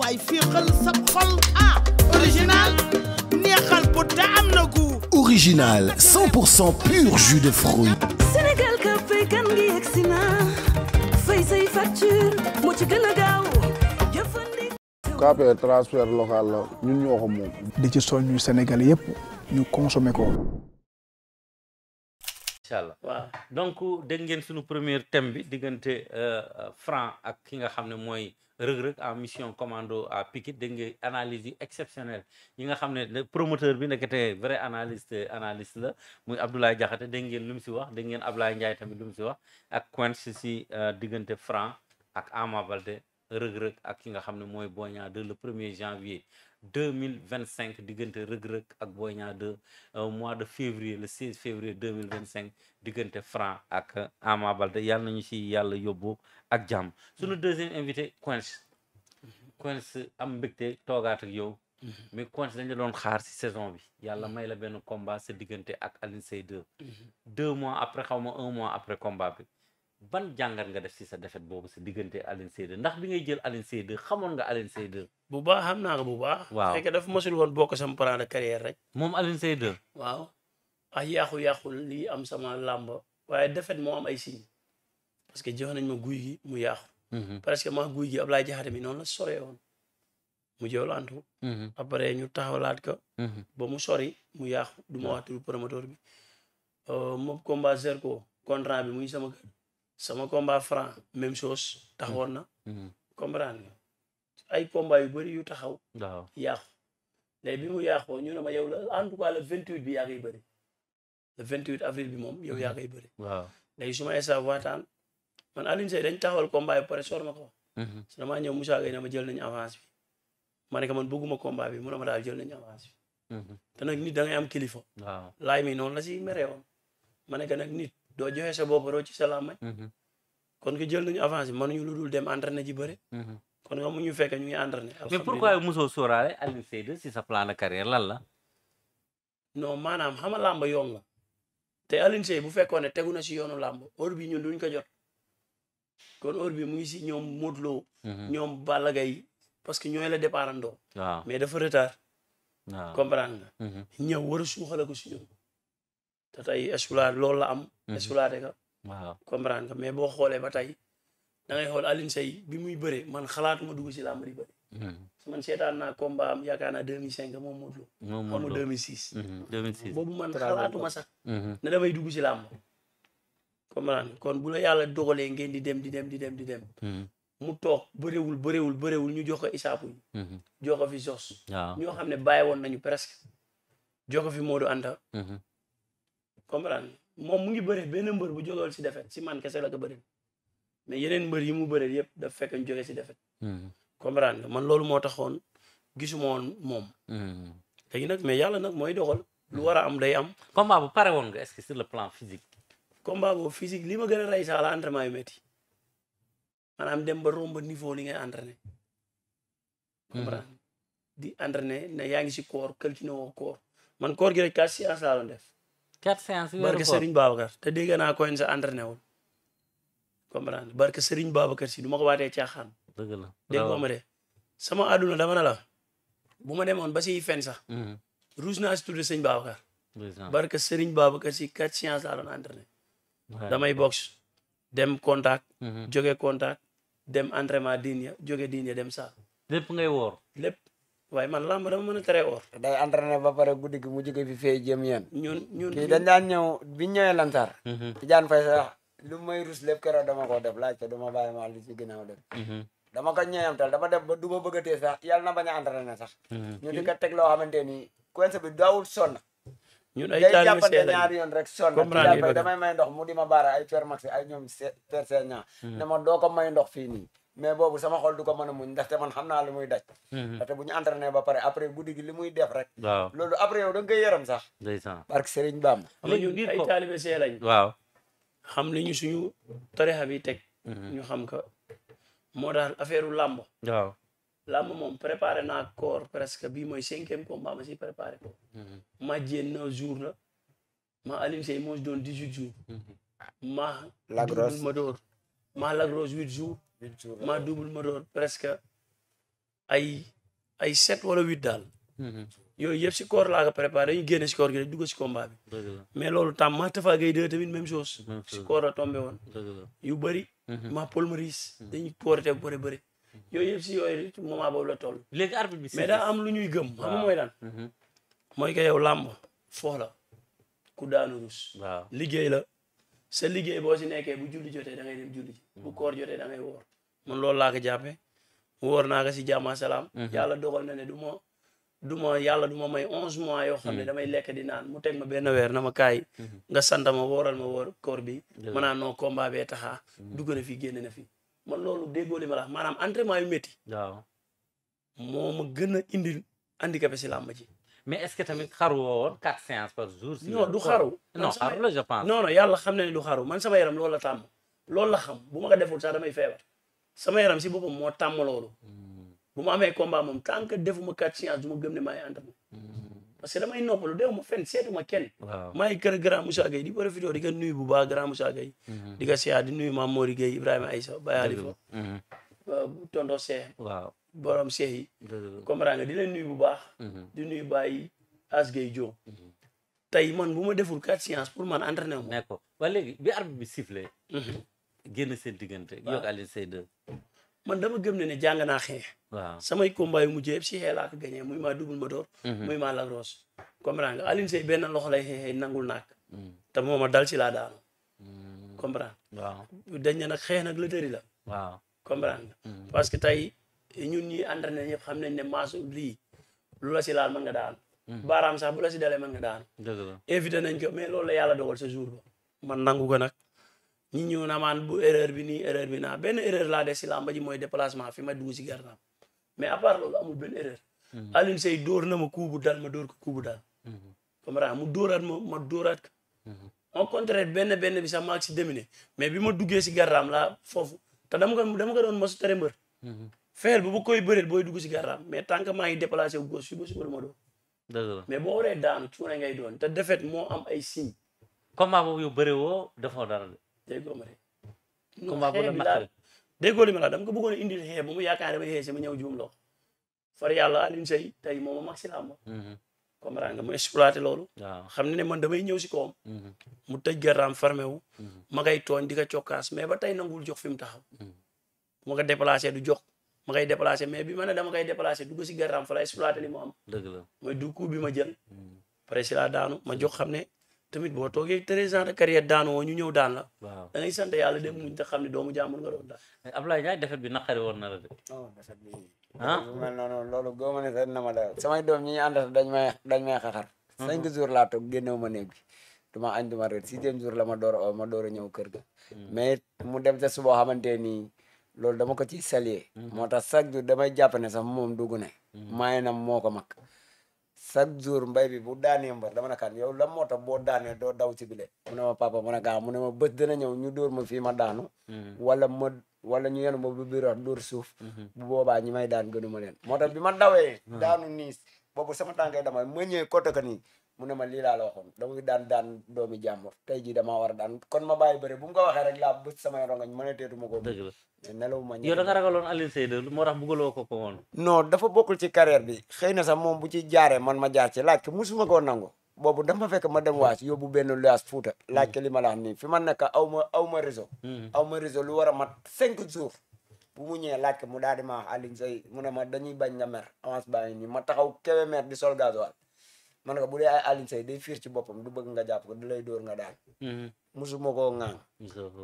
waay fii xal sa xol ah original neexal bu te am original pur jus de fruits Sénégal ka fay kan ngi yegsi na fay say facture moo ci gën a gaaw KPR transfert local la ñun ñoo moom di ci soññu Sénégal yëpp ñu consommer ko incha allah waaw bi diggante euh, ki nga xam ne mooy rëg-rëg en mission commando à Pikine dégg nga analyse yu exceptionnelle yi nga xam ne promoteur bi nekkate vrai analyste analyste la muy Abdoulaye Diakhaté dégg ngeen lu mu si wax dégg ngeen Abdoulaye Ndiaye tamit lu mu si wax ak Quench si euh, diggante Franc ak Ama Baldé rëg-rëg ak ki nga xam ne mooy Boy Niang de le premier janvier deux mille vingt cinq diggante Reug Reug ak Boy Niang 2 euh, mois de février le 16 février deux mille vingt cinq diggante Franc ak euh, Ama Baldé yàlla nañu si yàlla yóbbu ak jàmm suñu mm-hmm. deuxième invité Quench mm-hmm. Quench am mbégte toogaat ak yow mm-hmm. mais Quench dañ la doon xaar si saison bi yàlla may la benn combat sa diggante ak Alioune Seye deux mois après xaw ma un mois après combat bi ban jàngat nga def si sa defet boobu sa diggante Alioune Seye 2 ndax bi ngay jël Alioune Seye nga Alioune Seye 2. Ah, bu baax xam naa ko bu baax. waaw def dafa woon bokk sama plan de carrière rek. moom Alioune Seye 2. waaw ah yàqu-yàqu lii am sama làmba waaye defet moo am ay signes parce que jox nañ ma guy gi mu yàqu. Mhm. parce que ma guy gi Ablaye Diakhaté mi noonu la soree woon mu jëwlantu. Mhm. après ñu taxawlaat ko. Mhm. ba mu sori mu yàqu du ma wax turu promoteur bi. Euh, moom combat Zerko contrat bi muy sama kër. sama combat franc même chose taxawoon na. Mm-hmm. Mm-hmm. comprendre nga ay combat yu bëri yu taxaw. waaw yàqu léegi bi mu yàqoo ñu ne ma yow la en tout cas le 28 bi yaa ngi bëri le 28 avril bi moom yow yaa ngi bëri. waaw léegi su ma instant waxtaan man Alioune Seye dañ taxawal combat yi ba ma ko. su ma mm-hmm. ñëw Moussa Gueye ne ma jël nañu avance bi ma ne ko man bëgguma combat bi mu ne ma daal jël nañu avance bi. te nag nit da ngay am kilifa. waaw laay mi noonu la si meree ma ne nag doo joxe sa bopp raw ci sa làmmañ mhm. kon que jël avance avancé mënuñu lu dul dem entraîné ji bëre. Mhm. kon nga mu ñu fekk ñu ngi entraîné. mais pourquoi mosoo sóoraale Alioune Seye 2 si sa plan de carrière lan la. non maanaam xama làmb yoon la te Alioune Seye bu fekkoon ne tegu na si yoonu làmb heure bi ñun duñ ko jot kon heure bi mu ngi si ñoom Modou Lo. Mhm. ñoom Balla Gaye parce que ñooy la départandoo. waaw mais dafa retard. waaw comprendre nga. ñëw war a suuxale ko si te tey exploit loolu la am. Mhm. exploité ka waaw comprendre nga mais boo xoolee ba tey da ngay xool Alioune Seye bi muy bëre man xalaatuma dugg si làmb di bëre. Mhm. man seetaan naa combat am yaakaar naa 2005 moom moom Modou Lo 2006. 2006 mhm. boobu man xalaatuma sax. ne damay dugg si làmb. comprendre kon bu la yàlla dogalee ngeen di dem di dem di dem di dem. mu toog bëriwul bëriwul bëriwul ñu jox ko isaapu yi. jox ko fi sos. ñoo xam ne bàyyi woon nañu presque. jox fi Modou Anta. comprendre moom mu ngi bëre benn mbër bu jolool si defet si man kese la ko bëri mais yeneen mbër yi mu bëreel yëpp daf fekk ñu si defet hmm. comprendre nga man loolu moo taxoon gisuma woon moom hmm. léegi nag mais yàlla nag mooy doxal lu war a am day am combat bu pare woon nga est-ce le plan physique combat boobu physique li ma gën a rey sax yu métti maanaam dem ba romb niveau li ngay entraîné hmm. di entraîné ne yaa ngi si koor kël ci ne woo koor man koor gi rek quatre séances laa def quatre séances yu barke Serigne Babacar te dégg naa koy sa entraîné wul comprendre barke Serigne Babacar si du ma ko waatee caaxaan. dëgg la dégg ma de sama àdduna dama na ma demoon ba si fen sax. Mhm. ruus naa si tudd sëñ Babacar. barke Serigne Babacar si quatre séances laa doon entraîné. damay box dem contact. Mhm. jóge contact dem entraînement diine jóge diine dem saa. waaye man lamb dama mën a teree woor. day entraîné ba pare guddi gi mu jóge fi fee jëm yéen. ñun ñun kii dañ daan ñëw bi ñu ñëwee lantaar. ci mhm. daan fay sax lu may rus lépp keroog dama koo def laajte du ma bàyyi ma lu ci ginnaaw def. Mhm. dama ka ko ñeeñamtal dama def ba du ma bëgg a tee sax yàlla na bañ a entraîné sax. Mhm. ñu di ko teg loo xamante ni coince bi daawul na ñun ay taalibe see lañu ñaari yoon rek sonn damay may ndox mu di ma baara ay per max ay ñoom per seen ñaa ne ma doo ko may ndox fii nii mais boobu sama xol du ko mën a muñ ndaxte man xam naa lu muy daj. Mhm. ndaxte bu ñu entraîné ba pare après guddi gi muy def rek. waaw loolu après yow da nga yaram sax. ndeysaan barke Serigne Bamba. léegi ñu ay taalibe waaw xam li ñu suñu tarixa bi teg. Mhm. ñu xam ka moo tax affaire u làmb. làmb moom préparé naa koor presque bii mooy cinquième combat ma si préparé ko. Mhm. ma jéem neuf jours la ma Alioune Seye moo doon dix huit ma. la grosse ma dóor. maa Lac Rose huit jours. huit jours maa double moteur presque ay ay sept wala huit daal. Mhm. yooyu yëpp si koor laa ko préparé ñu génne si koor gi dugg si combat bi. loolu tam maa Tafa Gueye deux tamit même chose. si koor la yu bëri. Mhm. maa mhm. dañuy koorite bu bëri yooyu yëpp si yooyu moment boobu la toll. daa am lu ñuy gëm. waaw mooy lan. mooy que yow làmb foo la ku daanu rus. liggéey la. sa liggéey boo si nekkee bu julli jotee da ngay dem julli bu mm-hmm. koor jotee da woor man loolu laa ko jàppee woor naa ko si jàmm salaam. Mm-hmm. yàlla dogal na ne du ma du ma yàlla du ma may onze mois yoo xam ne mm-hmm. damay lekk di naan mu teg ma benn weer na ma kaay nga santa ma wooral ma woor koor bi ma naan noo combat bee taxaa dugg na fi génn na fi man loolu déggoo li ma la maanaam entraînement yu métti waaw moo ma gën a indil handicapé si làmb ji mais est ce que tamit xaru woon quatre séances par jour. si non la xam na ne du xaru man sama yaram loolu la tàmm loolu la xam bu ma ko deful sax damay feebar sama yaram si boppam moo tàmm loolu. Hmm. bu ma amee combat moom tant que defuma quatre séances du ma gëm ne maa ngi entraîné hmm. parce que damay noppalu deewu ma fenn seetu ma kenn. waaw maa ngi kër grand Moussa Gueye di profité di ko nuyu bu baax grand Moussa Gueye. Hmm. di ko siyaat di nuyu Maam Mori Gueye Ibrahima Aïssa Baye Alifa. borom seex yi. comprendre nga di leen nuyu bu baax. Mhm. di nuyu bàyyi Asgay Diop. Mhm. tey man bu ma deful quatre séances pour man entraîner wu ma. d'accord waaye léegi bi arbitre bi sifflé. Mhm. génn seen diggante. waaw man dama gëm ne ne jàng naa xeex. waaw samay combat yu mujjee yëpp si xeex laa ko gagné muy maa double moteur. muy maa Lac Rose. loxo lay xeexee nangul naak te mooma dal si laa daanu. dañ nag xeex nag la tëri la. waaw parce que tey ñun ñuy entraîné ñëpp nañ ne maasu lii lu la si laal nga daanu. Hmm. baaraam sax bu la si man nga daanu. dëgg la évité nañ ko mais loolu la yàlla dogal sa ba. man nangu ko nag ñi ñëw na maan bu erreur bi nii erreur bi naa benn erreur laa des si làmba ji mooy déplacement fi ma dugg si gardam mais à part loolu amul benn hmm. na ma kuubu dal ma dóor ko kuubu dal. Hmm. comprendre mu dóoraat ma ma dóoraat ko. au contraire benn benn bi sax maa ngi si mais bi ma duggee si gardam la foofu te dama ko dama ko doon mosu tere mbër. feel bu bu koy bëreel booy dugg si garaam mais tant que maa ngi déplacé wu gauche suba suba du ma doon. mais boo waree daanu cuune ngay doon te défaite moo am ay signes. combat boobu yow woo defoo dara de. déggoo ma de. combat bu la naqari déggoo li dama ko bëggoon indi indil xee ba mu yaakaar dama xee si ma ñëw juum loxo far yàlla Alioune tey moom ma mag si laa ma. Mhm. comprendre nga mu exploité loolu. xam ne ne man damay ñëw si koom. Mhm. mu tëj garaam farme wu. Mhm. mag koy tooñ di ko cokkaas mais ba tey nanguwul jox fi mu taxaw. ma ko du jox. ma koy déplacé mais bi ma ne dama koy déplacé dugg si garaam fa la exploité li am. dëgg la mooy bi ma jël. Hmm. pare si laa daanu ma jox xam ne tamit boo toogee treize ans de carrière daanu woo ñu ñëw daan la. waaw da ngay sant yàlla dem muñ te xam ne doomu jàmbur nga doon daal. mais Abdoulaye Ndiaye na la de. non oh, defet bi. ah non non loolu góob ma ne sax dina ma dayoo. samay doom ñi ñu àndal hmm. ma néeg bi. duma jour la ma door a ma door a ñëw kër ga. Hmm. mais mu dem te suba xamante ni loolu dama ko ciy saluer. Mhm. moo tax chaque jour damay jàpp ne sax moom dugg ne. maay mhm. na moo ko mag. chaque jour mbay bi bu daanee mbar dama na kan yow lan moo tax boo daanee doo daw ci bile. mu ne ma papa mu ne ne ma bés dana ñëw ñu dóor ma fii ma daanu. Mhm. wala ma wala ñu yenu ma bu biir dóor suuf. bu boobaa ñi may daan gënu ma leen. moo tax bi ma dawee. daanu nii boobu sama tànkay damay ma ñëwee côté que nii. mu ne ma lii laa la waxoon dama daan daan doomi jàmbur te jii damaa war a daan kon ma bàyyi bëre bu mu ko waxee rek laa bës samay rongañ ma ne teetuma ko. dëgg la nelaw ma yow ko ko woon. non dafa bokkul ci carrière bi xëy na sax moom bu ci jaaree man ma jaar ci laaj ko koo nangu. boobu dama fekk ma dem waas yóbbu benn luyaas fuuta laaj mm. ko li ma la wax nii fi ma nekk ma aw ma réseau mm. aw lu war a mat cinq jours bu mu ñëwee laaj ko mu daal di ma wax mu ne ma dañuy bañ nga mer avance baa ngi nii ma taxaw kewe mer di sol gasoil man nga bu dee ay Alioune Seye fiir ci boppam du bëgg nga jàpp ko du lay dóor nga daal. musuma mm-hmm. koo ŋaang.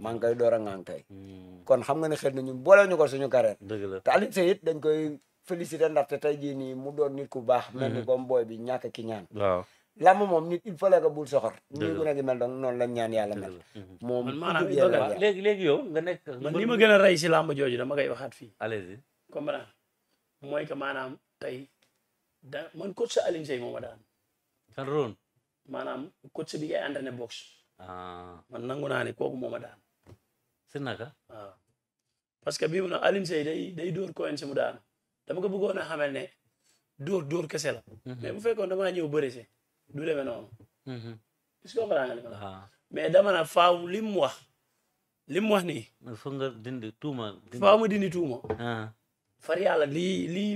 maa ngi koy door a ŋaang tey. Mm-hmm. kon xam nga ne xel na ñun boole ñu ko suñu carrière. dëgg la te Alioune Seye dañ koy féliciter ndaxte tey jii nii mu doon nit ku baax. mel ni mm-hmm. comme booy bi ñaaka ki ñaan. waaw làmb moom nit il fallait que bul soxor. dëgg la ñu mel donc noonu lañ ñaan yàlla mel. moom maanaam léegi léegi yow nga nekk. man li ma gën a rey si làmb jooju dama koy waxaat fii. allez-y comprendre mooy que maanaam tey da man coach Alioune Seye moo Cameroun maanaam coach bi ngay entraîné boxe. Ah. man nangu naa ne kooku moo ma daan. si naka. waaw ah. parce que bii nag Alioune day day dóor Coen si mu daan dama ko bëggoon a xamal ne dóor dóor kese la. Mhm. mais bu fekkoon damaa ñëw bëri si du demee noonu. Mhm. est ah. mais dama na faaw li mu wax li mu wax nii. foog nga dindi tuuma. faaw ma dindi tuuma. far lii lii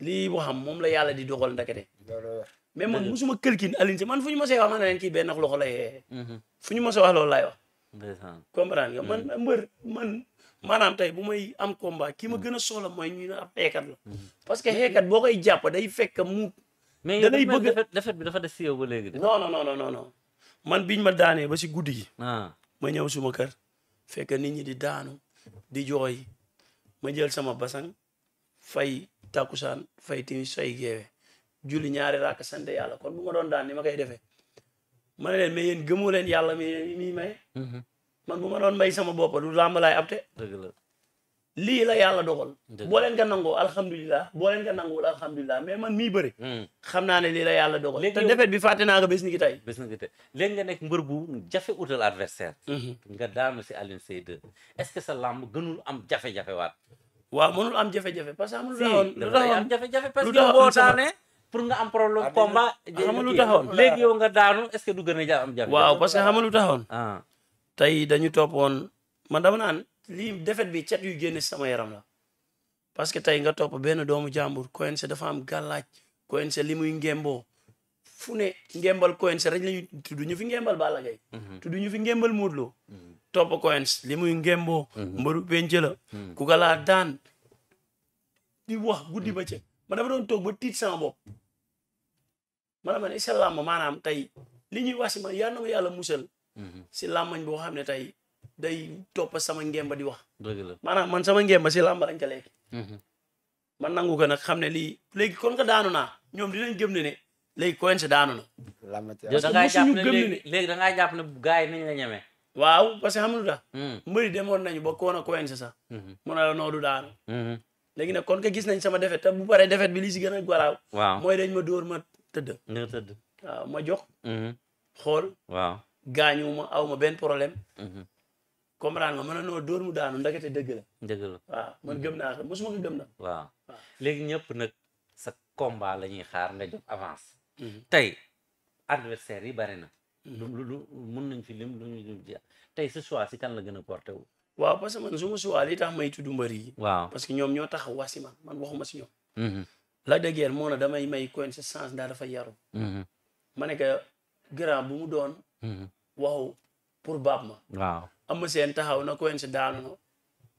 lii boo xam moom la yàlla di dogal ndakete mais man musuma këlkin Alioune Seye man fu ñu mosee wax ma ne kii benn loxo lay yee mhm. fu ñu mosee wax loolu laay wax comprendre nga man mhm. mbër man maanaam tey bu may am combat ki ma mhm. gën a soxla mooy ñu ne ab xeekat la parce que xeekat boo koy jàpp day fekk mu mais da lay bëgg defet bi dafa des si ba léegi de non non non non man biñ ma daanee ba si guddi gi ah. ma ñëw suma kër fekk nit ñi di daanu di jooy ma jël sama basang fay tàkkusaan fay timis fay geewe julli ñaari raaka sant yàlla kon bu ma doon daan ni ma koy defee ma ne leen mais yéen gëmoo leen yàlla mi miy maye mhm. man bu ma doon may sama bopp du làmb laay abte dëgg la lii la yàlla dogal boo leen ko nangoo alhamdulilah boo leen ko nanguwul alhamdulilah mais man mii bëri mm. xam naa ne lii la yàlla dogal te defet bi fàtte naa ko bés ni ki tay bés ni ki tey léegi nga nekk mbër bu jafe utal adversaire mhm. nga daanu si Alioune Seye 2 que sa làmb gënul am jafe-jafe waat waaw mënul am jafe-jafe parce que amul. lu taxoon jafe-jafe parce pour nga am problème combat. xam lu taxoon léegi yow nga daanu es ce que du gën a ja am jafe waaw parce que xam lu taxoon. Ah. tey dañu toppoon man dama naan lii defet bi cet yu génne sama yaram la. parce que tey nga topp benn doomu jàmbur Coence dafa am gàllaaj Coence li muy ngemboo fu ne ngembal Coence rek la ñuy tudd ñu ngembal Balla Gaye. Mhm. tudd ñu ngembal Modou Lo. Mhm. topp coins li muy ngémboo mhm. mbaru penc la mhm. ku ko daan di wax guddi ba cëg ma dafa doon toog ba tiit sama bopp ma ne si làmb maanaam tey li ñuy wax si man yal na ma yàlla musal mhm. si làmmañ boo xam ne tey day topp sama ngemba di wax maanaam man sama ngemba si làmb lañ ko lekk man nangu ko nag xam ne lii léegi kon nga daanu naa ñoom dinañ gëm ne ne léegi daanu na da ngaa jàpp ne léegi da ngaa jàpp ne gars yi nañ ñeme waaw parce que xam nga hmm. mbëri demoon nañu ba koon a koen si sax hmm. mu ne la noodu daanu hmm. léegi nag kon ka gis nañ sama defet te bu paree defet bi li si gën a garaaw waaw mooy dañ ma dóor ma tëdd nga tëdd ma jox xool waaw ma aw ma benn problème comprendre nga mën na noo dóor mu daanu ndakete dëgg la dëgg gëm naa xam mosuma ko gëm na waaw léegi ñëpp nag sa combat la ñuy xaar nga jox avance tey adversaire yi bari na lu lu mun nañ fi lim lu ñu jeex tey sa choix si kan la gën a porté wu. waaw parce que man su ma choix li tax may tudd mbër yi. waaw parce que ñoom ñoo tax wax si man man waxuma si ñoom. Mm-hmm. la de guerre moo na damay may coin sa sens daa dafa yaru. Mm-hmm. ma ne que grand bu mu doon. Mm-hmm. waxu pour baab ma. waaw am seen taxaw na coin sa daanu na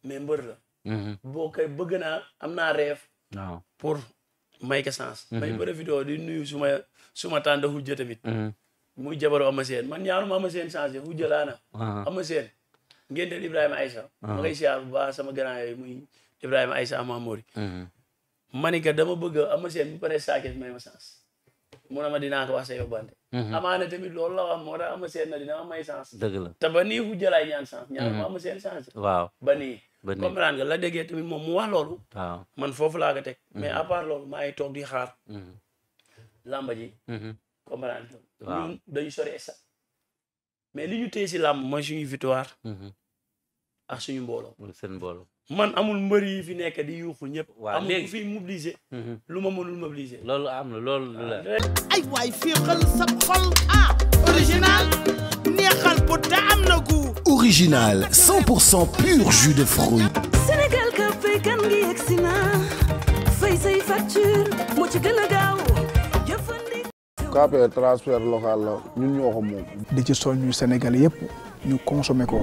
mais mbër la. boo koy bëgg naa am naa rêve. waaw pour may ko sens. may bëri vidéo di nuyu suma suma tànn hujja tamit. muy jabaru ama seen man ñaanuma ama seen changé fu jëlaana ama seen ngénteel Ibrahima Aïssa uh-huh. ma ngay siyaar bu baax Ibrahima Aïssa Mamori uh-huh. dama bëgg ama seen bu pare saakees may ma chance mu ne ma dinaa ko wax sa yóbbante uh-huh. amaana tamit loolu la wax moo tax ama na dina ma may chance dëgg la te ba nii fu jëlaay ñaan chance ñaanuma ama seen changé ba nii comprendre nga la déggee tamit moom mu wax lool waaw man foofu laa ko teg mais à part loolu maa ngi toog di xaar lamba comprendre ñun dañu sori mais li ñu téye si làmb mooy suñu victoire mhm. ak suñu mbooloo man amul mbër yi fi nekk di yuuxu ñëpp waaw amul ku mhm. lu ma mënul mobiliser loolu am na loolu ay waay féexal sab xol ah original neexal bu da original pur jus de fruit Sénégal ka kan ngi yegsi na KPA transfert locale la ñun ñoo ko moom. di ci soññu Sénégal yëpp ñu consommer ko.